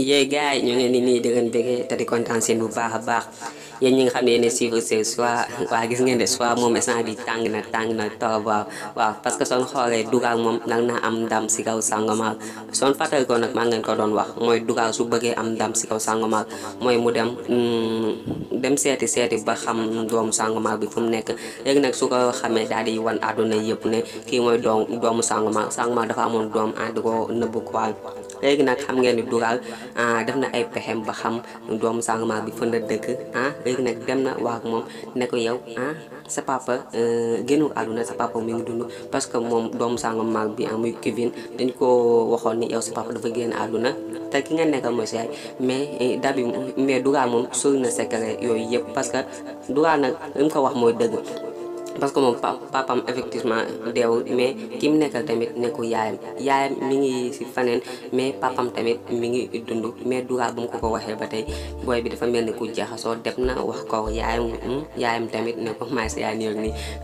yéen gars yi ñoo ngi leen di nuyu di bëggee te di kontaan seen bu baax a baax yéen ñi nga xam ne yéen a suivre seen waa gis ngeen ne soit moom instant bi tàng na tàng na torop waaw waaw parce que son xoolee dugal moom nag naa am ndam si kaw Sangomar son fàttali ko nag maa ngeen ko doon wax mooy dugal su bëggee am ndam si kaw Sangomar mooy mu dem mm, dem seeti seeti ba xam doomu Sangomar bi fu mu nekk léegi nag su ko xamee daal di wan àdduna yëpp ne kii mooy doom doomu Sangomar Sangomar dafa amoon doom ànd ah, ko nëbb léegi nag xam ngeen ni dugal ah, def na ay pexem ba xam doomu Sangomar bi fan la dëkk ah léegi nag dem na wax moom ne ko yow ah sa papa euh, génnul àdduna sa papa mi ngi dund parce que moom doomu Sangomar bi ah muy Kevin dañ ko waxoon ni yow sa papa dafa génn àdduna te ki nga nekkal mooy yaay mais eh, dabi mais dugal moom sori na secret yooyu yëpp parce que dugal nag li mu ko wax mooy dëgg parce que moom papam effectivement deewul mais ki mu tamit nekku yaayam yaayam mi ngi si faneen mais papam tamit mi ngi dund mais dugaal bu mu ko ko waxee ba tey booy bi dafa mel ni ku jaxasoo dem na wax ko yaayam hmm, yaayam tamit ne ko maay sa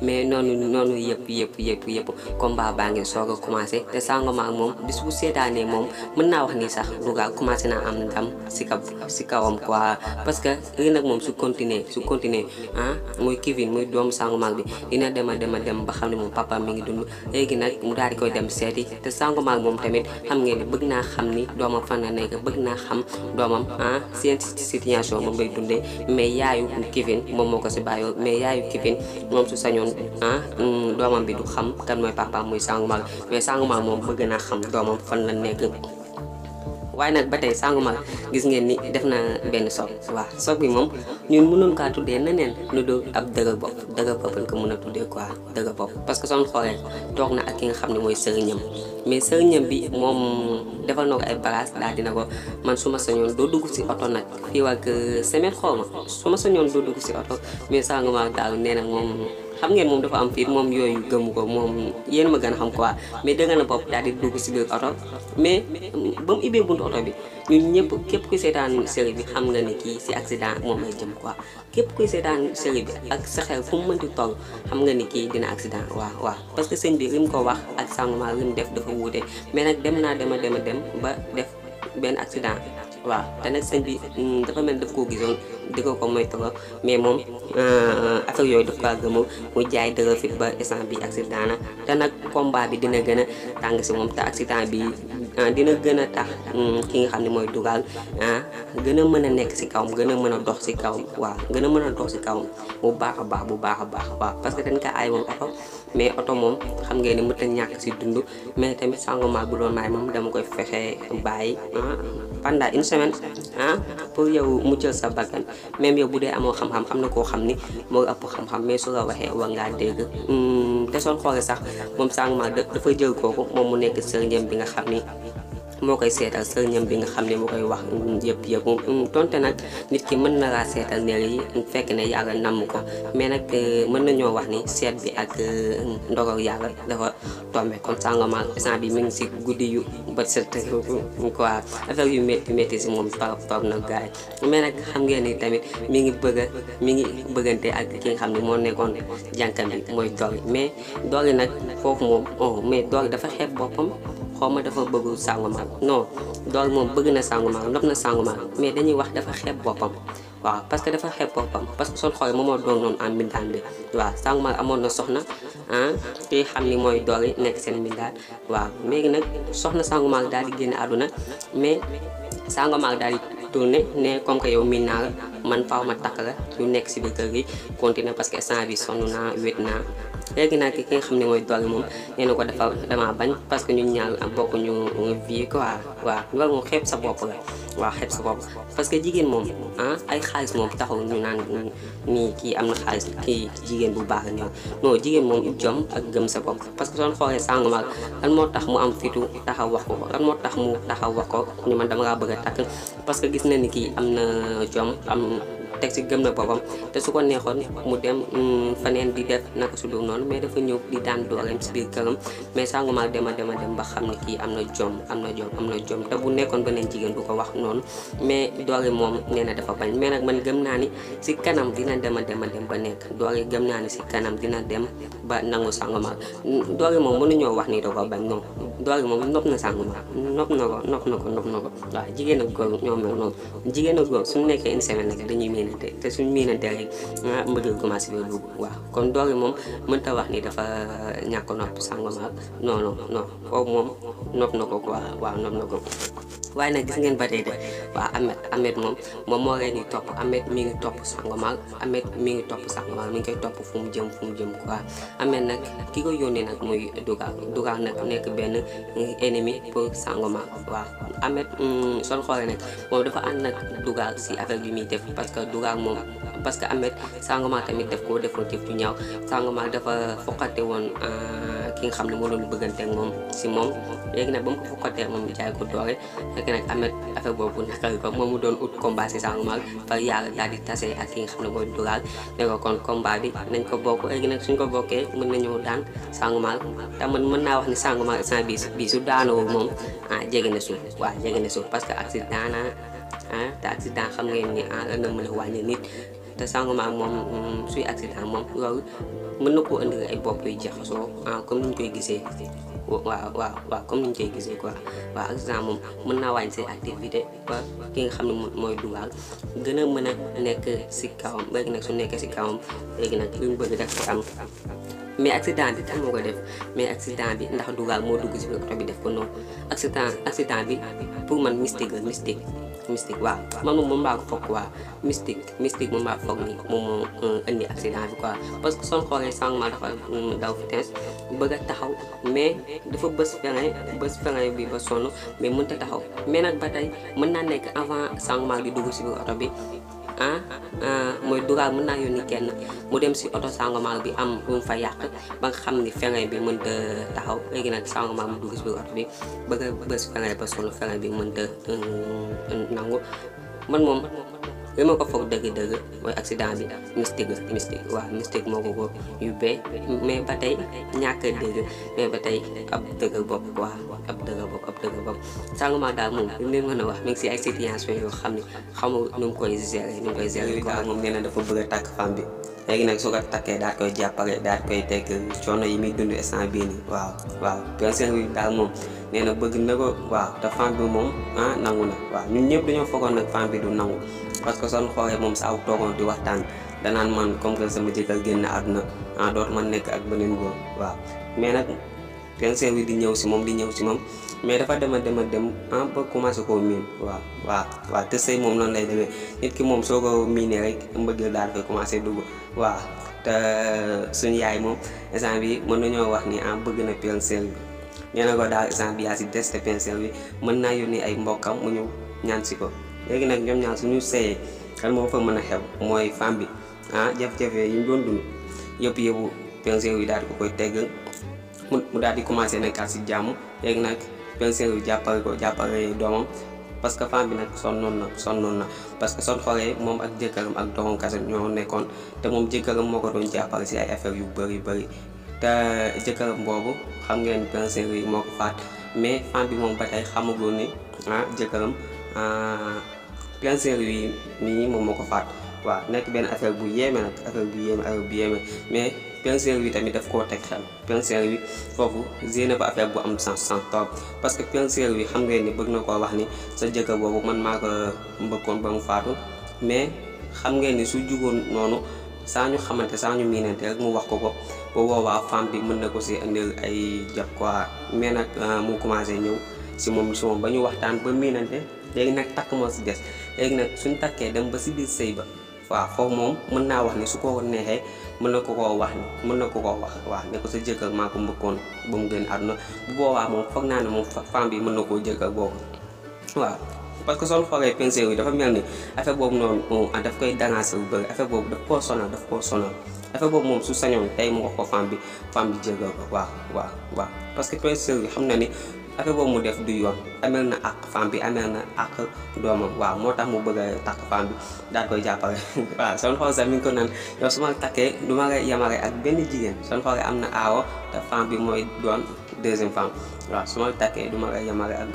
mais noonu noonu yëpp yëpp yëpp yëpp combat baa ngi soog a commencé te Sangomar moom bis bu seetaanee moom mën naa wax ni sax dugaal commencé naa am ndam si kaw si kawam quoi parce que lii nag moom su continuer su continuer ah muy Kevin muy doom Sangomar bi dina dem a dem a dem ba xam ne moom papa mi ngi dund léegi nag mu daal di koy dem seeti te sanguma ak moom tamit xam ngeen bëgg naa xam ni doomam fan la nekk bëgg naa xam doomam ah seen situation moom lay dundee mais yaayu Kevin moom moo ko si bàyyoo mais yaayu Kevin moom su sañoon ah mm, bi du xam kan mooy papa muy sanguma mais sanguma moom bëgg naa xam doomam fan la nekk. waaye nag ba tey sangu mal gis ngeen ni def na benn soog waaw soog bi moom ñun mënoon kaa tuddee neneen lu dul ab dëgër bopp dëgër bopp lañ ko mën a tuddee quoi dëgër bopp parce que soo xoolee toog na ak ki nga xam ne mooy sëriñam mais sëriñam bi moom defal na ay balaas daal dina ko man su ma sañoon doo dugg si oto nag fii waa semaine xooma su ma sañoon doo dugg si oto mais sangu mal daal nee na moom xam ngeen moom dafa am fit moom yooyu gëmu ko moom yéen ma gën a xam quoi mais dëgg na daal di dugg oto mais ba mu ubbee buntu oto bi ñun ñëpp képp kuy seetaan série bi xam nga ni kii si moom lay jëm quoi képp kuy seetaan série bi ak sa xel mu mënti toll xam nga ni kii dina accident waaw parce que sëñ bi li mu wax ak sàngument li mu def dafa wuute mais nag dem naa dema dema dem ba def benn accident waaw te nag sëñ bi mm, dafa mel daf koo gisoon di ko ko moytoo mais moom euh, affaire yooyu daf kaa gëmul mu jaay dërë ba instant bi accident na te nag combat bi dina gën a tàng si moom te accident bi euh, dina gën a tax mm, ki nga xam ne mooy dugal ah gën a mën a nekk si kawam gën a mën a dox si kawam waaw gën a mën a si kawam bu baax a baax bu baax a baax waaw parce que dañ ko aay moom oto mais oto moom xam ngeen ne mënut a ñàkk si dund mais tamit sangoma bu doon maay moom dama koy fexe bàyyi ah, pendant une semaine ah pour yow muccal sa bakkan même yow bu dee amoo xam-xam am na koo xam ni moo ëpp xam-xam mais su la waxee war ngaa dégg hmm, te soon xoolee sax moom sànq ma dafa jël kooku moom mu nekk sëriñam bi nga xam ni moo koy seetal sa sëriñam bi nga xam ne moo koy wax yëpp yëpp donte nag nit ki mën na laa seetal neel yi fekk ne yàlla namm ko mais nag euh, mën nañoo wax ni seet bi ak euh, ndogal yàlla dafa tombé comme ça normal instant bi mi ngi si guddi yu ba set quoi affaire yu métti métti moom par par na gaay mais nag xam ngeen ni tamit mi ngi bëgg mi ngi bëggantee ak ki xam ne moo nekkoon jànkam bi mooy doori mais doori nag foofu moom oh mais doori dafa xeeb boppam xaw ma dafa bëggul Sangomar non dool moom bëgg na Sangomar nopp na Sangomar mais dañuy wax dafa xeeb boppam waaw parce que dafa xeeb boppam parce que soo xoolee moom moo doon noonu en mbindaan bi waaw Sangomar amoon na soxna ah kii xam ni mooy dool nekk seen mbindaan waa léegi nag soxna Sangomar dal di génn àdduna mais Sangomar dal di tourné ne comme que yow miin man faaw ma takk la ñu nekk si biir kër gi continuer parce que instant bi sonn naa wét naa léegi nag ki nga xam ne mooy doole moom nee na ko dafa dama bañ parce que ñun ñaar ñu vie quoi waaw war moom xeeb sa bopp la waa xeeb sa bopp parce que jigéen moom ah ay xaalis moom taxul ñu naan nii kii am na xaalis kii jigéen bu baax la ñëw non jigéen moom jom ak gëm sa bopp parce que soo xoolee Sangomar lan moo tax mu am fitu taxaw wax ko lan moo tax mu taxaw wax ko ñu man dama laa bëgg a takk parce que gis na ni kii am na jom am teg ci gëm na boppam te su ko neexoon mu dem mm, faneen di def naka su dul noonu mais dafa ñëw di daan dooleem si biir këram mais sàngumaak dema dema dem ba xam ne kii am na jom am na jom am na jom bu nekkoon beneen jigéen du ko wax noonu mais doole moom nee na dafa bañ mais man gëm naa ni si kanam dina dema dema dem ba nekk doole gëm naa ni si kanam dina dem ba nangu sàngumaak doole moom mënuñoo wax ni da ko bañ noonu doole moom nopp na sàngumaak nopp na ko nopp na ko nopp na ko noonu jigéen ak góor nekkee une nag dañuy mel miinante te suñ miinante rek mbir yi commencé na dugg waaw kon doole moom mën ta wax ni dafa ñàkk nopp sangoma non non non foofu moom nopp na ko quoi waaw nopp na ko waaye nag gis ngeen ba tey de waaw Ameth Ameth moom moom moo leen di topp Ameth mi ngi topp Sangomar Ameth mi ngi topp Sangomar mi ngi koy topp fu mu jëm fu mu jëm quoi Ameth nag ki ko yónnee nag muy Dugar Dugar nag nekk benn ennemi pour Sangomar waaw Ameth mm, soo xoolee nag moom dafa ànd nag Dugar si affaire bi parce que toogaa ak moom parce que Ameth Sangomar tamit def koo defoon jëf ju ñaaw Sangomar dafa foqate woon euh, ki nga xam ne moo doon bëgganteeg moom si moom léegi nag ba mu ko foqatee moom jaay ko doore fekk nag Ameth doon ut si Sangomar par daal di tase ak ki xam ne mooy Dural ne ko kon bi nañ ko bokk suñ ko bokkee mën nañu daan Sangomar te man naa wax ni Sangomar instant bii su daanoo moom ah, jege na suuf waaw jege na suuf parce que accident na ah te accident xam ngeen ni ah lan la mën a wàññi nit te sanguma moom mm, suy accident moom loolu mën na koo indi ay bopp jeex jaxasoo ah comme ni ñu koy gisee waaw waaw waaw comme ni ñu koy gisee quoi waaw accident moom mën naa wàññi seen activité ba ki nga xam ne mooy dugal gën a mën a nekk si kawam léegi nag su nekkee si kawam léegi nag li mu bëgg rek am. mais accident bi kan moo ko def mais accident bi ndax dugal moo dugg si biir oto bi def ko noonu accident accident bi pour man mystique la mystique. mystique waaw man moom moom laa ko foog waaw mystique mystique moom laa ko foog nii moom moo euh, indi accident bi quoi parce que son xoolee sànq dafa mm, daw vitesse bëgg a taxaw mais dafa bës frein bës frein bi ba sonn mais mënut a taxaw mais nag ba tey mën naa nekk avant sànq maa di dugg si biir oto bi. ah mooy dugal mën naa yónni kenn mu dem si oto Sangomar bi am lu mu fa yàq ba nga xam ni frein bi mënut a taxaw léegi nag Sangomar mu dugg si biir oto bi bëgg a bës frein ba sunu frein bi mënut a euh, nangu man moom. li ma ko foog dëgg-dëgg mooy accident bi mystique la mystique waaw mystique moo ko ko yóbbee mais ba tey ñàkk a dëgg mais ba tey ab dëgg bopp waaw ab dëgg bopp ab dëgg bopp Sangomar daal moom li muy mën a wax mi si ay yoo xam ne xamul nu ngi koy gérer nu ngi koy dafa bëgg a takk femme bi léegi nag takkee daal koy jàppale daal koy teg coono yi muy dund instant bii nii waaw waaw princesse bi daal moom na bëgg na waaw te femme bi moom ah, nangu na waaw ñun ñëpp dañoo foogoon nag femme bi du nangu parce que soo xoolee moom saa toogoon di waxtaan danaan man comme que sama jëkkër génn àdduna ah dootu man nekk ak beneen góor waaw mais nag penseur bi di ñëw si moom di ñëw si moom mais dafa dema dema dem un peu ah, commencé koo miin waaw waa waaw te sëy moom noonu lay demee nit ki moom soo ko miinee rek mbëggeel daal commencé dugg waaw euh, yaay moom instant bi mën nañoo wax ni ah bëgg na penseur bi nee na ko daal instant yaa si des te penseur bi mën naa yónni ay mbokkam mu ñëw ñaan si ko léegi nag ñoom ñaan suñu seeyee kan moo fa mën a xew mooy femme bi ah jafe-jafe yi ñu doon dund yëpp yëpp yi daal koy tegg mu daal di commencé nekkaat si jàmm léegi nag pension yi jàppale ko jàppale doomam parce que femme bi nag sonnoon na sonnoon na parce que son xoolee moom ak jëkkëram ak doomam kase ñoo nekkoon te moom jëkkëram moo ko doon jàppale si ay affaires yu bëri bëri te jëkkëram boobu xam ngeen pension yi moo ko faat mais femme moom ba tey xamagul ni ah jëkkëram ah, cancer yi nii moom moo ko faat waaw nekk benn affaire bu yéeme nag affaire bu yéeme affaire bu mais cancer bi tamit daf koo teg xel cancer bi foofu génne ba affaire bu am sens trop parce que cancer bi xam ngeen ni bëgg na koo wax ni sa jëkkër boobu man maa ko mbëkkoon ba faatu mais xam ngeen ni su jugoon noonu saa xamante saa ñu miinante mu wax ko ko ba woowaa femme bi mën na ko si indil ay jàpp quoi mais nag euh, mu commencé ñëw si moom si ba ñu waxtaan ba miinante léegi nag takk moo si des léegi nag suñ takkee dem ba si biir sëy ba waaw foofu moom mën naa wax ni su ko neexee mën na ko koo wax ni mën na ko koo wax waaw ne ko sa jëkkër maa ko mbëkkoon ba mu génn àdduna bu boobaa moom foog naa ne moom femme bi mën na koo jëkkër boobu waaw parce que soo xoolee pension yi dafa mel ni affaire boobu noonu ah, daf koy danancé bu bëri affaire boobu daf koo sonal daf koo sonal affaire boobu moom su sañoon tey mu wax ko femme bi femme bi jëkkër ko waaw waaw waaw parce que pension yi xam na ni affaire boobu mu def du yoon amel na ak femme bi amel na ak doomam waaw moo tax mu bëgg a takk femme bi daal koy jàppale waaw son xool sax mi ngi ko naan su ma takkee du ma lay ak benn jigéen son xool am na aawo te bi mooy doon deuxième femme waaw su ma takkee du ma lay yemale ak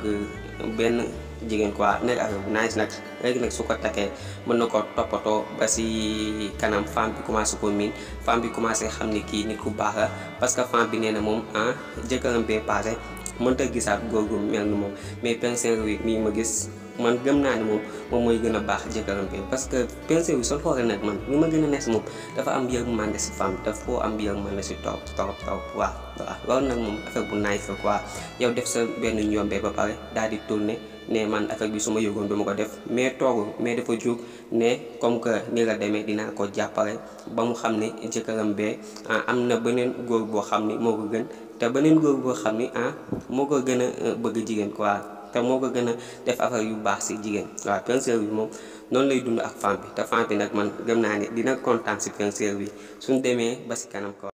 benn jigéen quoi nekk affaire bu nice nag léegi ko takkee mën na ko toppatoo ba si kanam femme bi commencé ko miin femme bi commencé xam ni kii nit ku baax la parce que femme bi nee na moom ah jëkkëram bee passé mënta gisaat góor mel ni moom mais pincère wi mii ma gis man gëm naa ni moom moom mooy gën a baax jëkkëram bi parce que pincère wi soo xoolee nag man li ma gën a neex moom dafa am yërmande si femme bi daf koo am yërmande si toog toog toog waaw waaw loolu nag moom affaire bu nice quoi yow def sa benn njombee ba pare daal di tourner ne man affaire bi su ma yëgoon bi ma ko def mais toogul mais dafa jóg ne comme que ni la demee dinaa ko jàppale ba mu xam ne jëkkëram bee ah, am na beneen góor boo xam ni moo ko gën te beneen góor boo xam ni ah moo ko gën a euh, bëgg jigéen quoi te moo ko gën a def affaire yu baax si jigéen waaw pinceur bi moom noonu lay dund ak femme bi te femme bi nag man gëm naa ne dina kontaan si pinceur bi suñ demee ba si kanam quoi